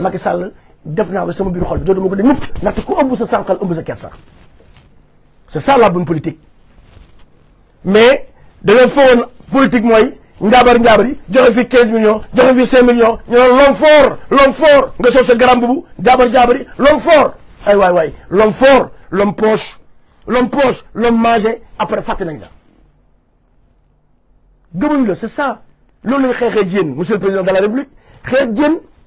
Macky Sall def sama biir xol bi dootuma ko ko sa sankal ëmb sa kersa c'est ça la bonne politique mais de fowoon politique moy njaabar njaabar joxe fi 15 millions joxe fi 5 millions ñu l'homme fort l'homme fort nga sol sa garam bubu l'homme fort ay way way l'homme fort l'homme poche l'homme poche l'homme après c'est ça lolu monsieur le président de la république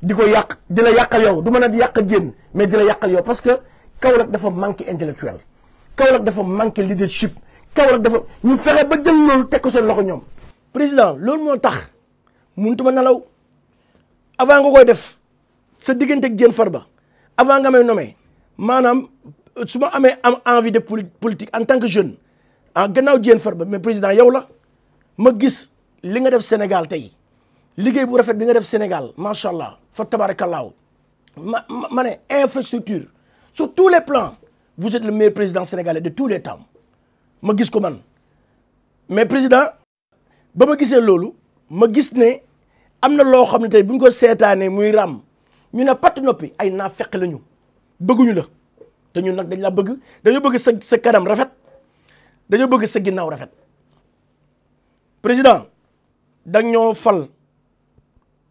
diko yak dila yakal la yow du meuna a yàq mais dila la yow parce que kawlak dafa manqué intellectuel kawlak dafa manqué leadership kawlak dafa ñu fexé ba jël lool teg ko loxo ñom président lool mo tax mënutuma nalaw avant nga koy def sa diggante ak Diène Farba avant nga may nommé manam euh, suma amé am envie de politique en tant que jeune en ah, gannaaw Diène Farba mais président yow la ma gis li nga def Sénégal tay liguey bu rafet bi nga def Sénégal machallah fa tabarakallah mané infrastructure sur tous les plans vous êtes le meilleur président sénégalais de tous les temps ma gis ko man mais président ba ma gisee loolu ma gis ne amna lo xamné tay buñ ko sétané muy ram ñu ne pat noppi ay naa fekk la ñu bëgguñu la té ñun nak dañ la bëgg dañu bëgg sa sa kanam rafet dañu bëgg sa ginnaaw rafet président dañ ñoo fal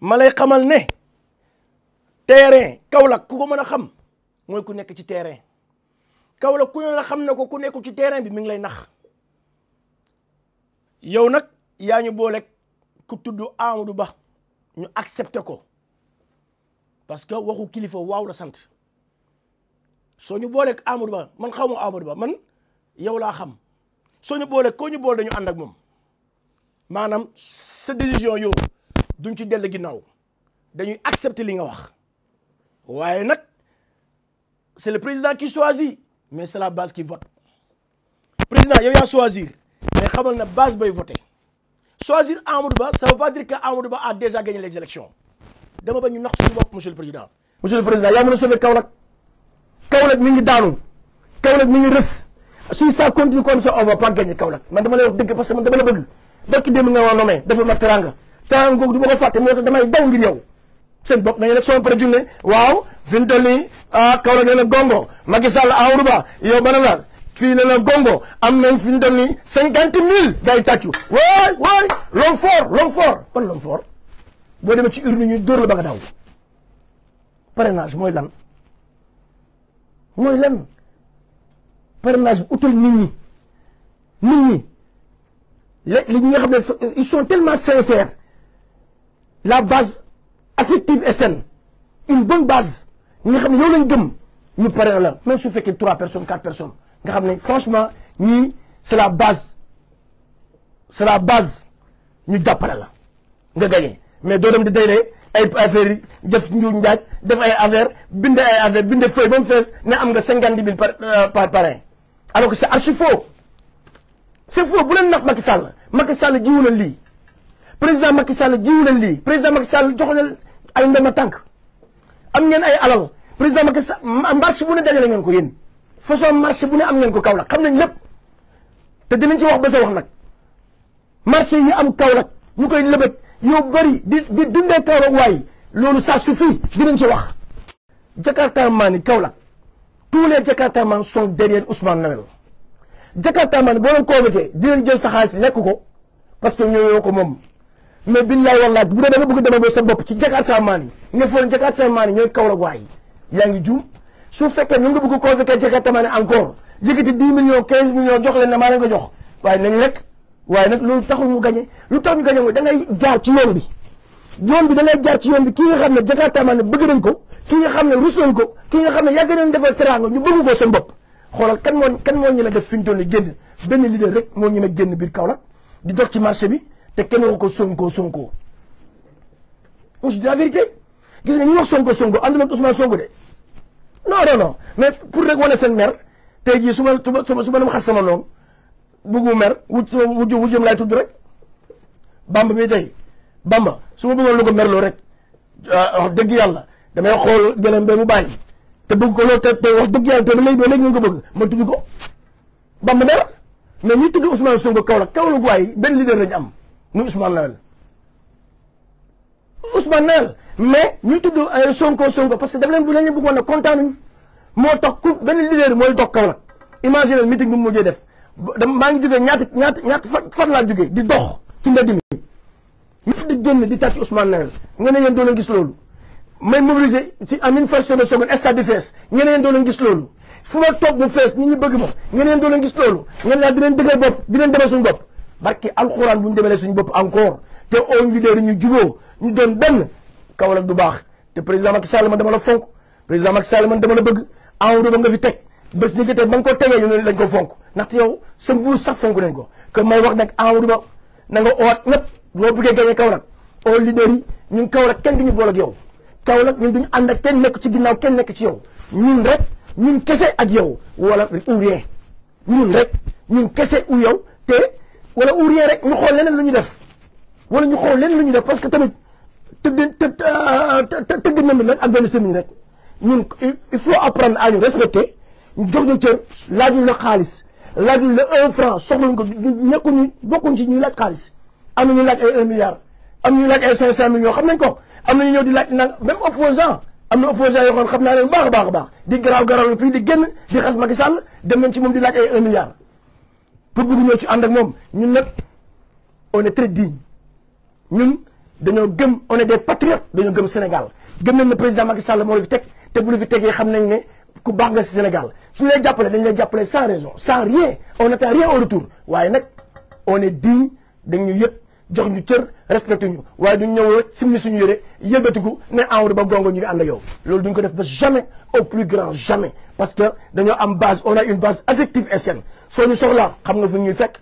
ma lay xamal ne terrain Kaolack ku ko mën a xam mooy ku nekk ci terrain Kaolack ku ne la xam ne ko ku nekku ci terrain bi mi ngi lay nax yow nag yaa ñu booleeg ku tudd Amadou Ba ñu accepté ko parce que waxu kilifa waaw la sant soo ñu booleeg Amadou Ba man xaw ma Amadou Ba man yow laa xam soo ñu booleeg koo ñu boole dañu ànd ak moom maanaam sa décision yow. duñ ci del ginnaw dañuy accepter li nga wax waye nak c'est le président qui choisit mais c'est la base qui vote président yow yaa choisir mais xamal na base bay voter choisir Amadou Ba ça veut pas dire que Amadou Ba a déjà gagné les élections dama ba ñu nax suñu bopp monsieur le président. monsieur le président yaa mën a sauver Kaolack Kaolack mi ngi daanu Kaolack mi ngi rës Si ça continue comme ça on va pas gagner Kaolack man dama lay wax deug parce que man dama la bëgg dëkk dem nga wa nommé dafa ma teranga temps googu du ma ko fàtte moo tax damay daw ngir yow seen bopp nañu élection pare junne waaw fi mu toll nii ah Kaolack na gongo Macky Sall Amadou Ba yow bana la fii nee na gongo am nañ fi mu toll nii cinquante mille day tàccu waay waay l'homme fort l'homme fort boo demee ci urne ñu dóor la ba nga daw parrainage mooy lan mooy lan parrainage bi utal nit ñi nit ñi li ñi nga xam ne ils tellement sincères la base affective est saine une bonne base Nous nga une bonne yow gëm même si personnes quatre personnes franchement c'est la base c'est la base nous avons gagné mais nous avons euh, alors que c'est archi faux c'est faux bu Macky Sall Macky Sall président Macky Sall jiw leen lii président Macky Sall jox leen ay ndama tànk am ngeen ay alal président Macky Sall marché bu ne dajale ngeen ko yéen façon marché bu ne am ngeen ko Kaolack xam nañ lépp te dinañ ci wax ba sa wax nag marché yi am Kaolack ñu koy lebet yow bari di di dundee Kaolack waaye loolu ça suffit dinañ ci wax. Jakarta maani Kaolack tous les Jakarta man sont derrière Ousmane Noël Jakarta man boo leen convoqué di leen jël sa xaalis lekk ko parce que ñoo ko moom. mais billaay wallaay bu dee da nga bëgg demal ba sa bopp ci jakarta nga foog jakarta maan yi ñooy Kaolack waay yaa ngi juum su fekkee ñu nga bëgg convoqué jox leen ne maa leen ko jox waaye nañ lekk waaye loolu taxul mu lu tax ñu gañe mooy da ngay jaar ci yoon bi yoon bi da ngay jaar ci yoon ki nga xam ne jakarta maan yi bëgg nañ ko ki nga xam ne rus nañ ko ki nga xam ne yàgg nañ defal teraanga ñu bëgg ko seen bopp xoolal kan moo kan moo ñu la def fi ñu toll nii génn benn leader rek moo ñu la génn biir Kaolack di dox ci marché bi te kenn waxu ko Sonko Sonko on se dit la gis nga ñi wax Sonko Sonko àndul ak Ousmane Sonko de non non mais pour rek wane seen mer tey jii su ma su ma su ma dem xas sama noonu bëggu mer wut sama wut jëm wut jëm laay mi tey Bamba su ma bëggoon lu ko merloo rek ah, wax dëgg yàlla damay xool gëlëm ba mu bàyyi te bëgg ko loolu te wax dëgg yàlla te ba léegi ba léegi nga ko bëgg ma tudd ko Bamba mer mais ñi tudd Ousmane Sonko kaw la kaw la waaye benn leader lañu am. nous Ousmane Ousmane mais ñu tudd euh, Sonko Sonko parce que daf leen bu leen bëggoon a kontaanuñ tax ku benn leader mooy dox imagine meeting bi mu mujjee def maa ngi jógee ñaata ñaata ñaata fan laa jógee di dox ci mbedd mi. ñëpp di de di tàcc Ousmane Noël nga ne yéen doo leen gis loolu may mobiliser ci en une fraction de seconde de bi des nga ne yéen doo de gis loolu fu ma top mu fees nit ñi bëgg mo nga ne yéen doo gis loolu nga la di len bop di len suñu bop barki alxuraan bu ñu demalee suñu bopp encore te on leader ñu juboo ñu doon benn Kaolack du baax te président Macky Sall man dama la fonk président Macky Sall man dama la bëgg Amadou Ba nga fi teg bés ni ki tey ba nga ko tegee ñu ne dañ ko fonk ndaxte yow sa mbuus sax fonk nañ ko que may wax nag Amadou Ba na nga oot ñëpp loo bëggee gañe Kaolack on leader yi ñun Kaolack kenn duñu boole ak yow Kaolack ñun duñu ànd ak kenn nekk ci ginnaaw kenn nekk ci yow ñun rek ñun kese ak yow wala ou bien ñun rek ñun kese u yow te ولا أوري رك نخول لنا لني دف ولا نخول لنا لني دف بس كتبت تبد تبد تبد من من أبدا نسمي رك نون يفو أبران أي رسمته نجوم نجوم لا دين لا خالص لا دين لا أو فرا سوكم نكون نكون جيني لا خالص أمي نلا مليار أمي نلا سين سين مليون خم نكو أمي نيو دي لا نان مم أفوزان أمي أفوزان يكون خم نان باخ باخ باخ دي غراو غراو في دي جن دي خس مكسان دمن تيموم دي لا مليار pour vous nous nous sommes on est très digne Nous sommes on est des patriotes de Sénégal gëm sommes président Macky Sall fi te bu fi Sénégal suñu lay dañ sans raison sans rien on n'a rien au retour on est digne de ñu jox ñu cër respecté ñu waaye duñ ñëw rek simmi suñu yëre yëbbatiku ne Amadou Ba gongo ñu ngi ànd ak yow loolu duñ ko def ba jamais au plus grand jamais parce que dañoo am base on a une base affective et saine soo ñu soxlaa xam nga fu ñuy fekk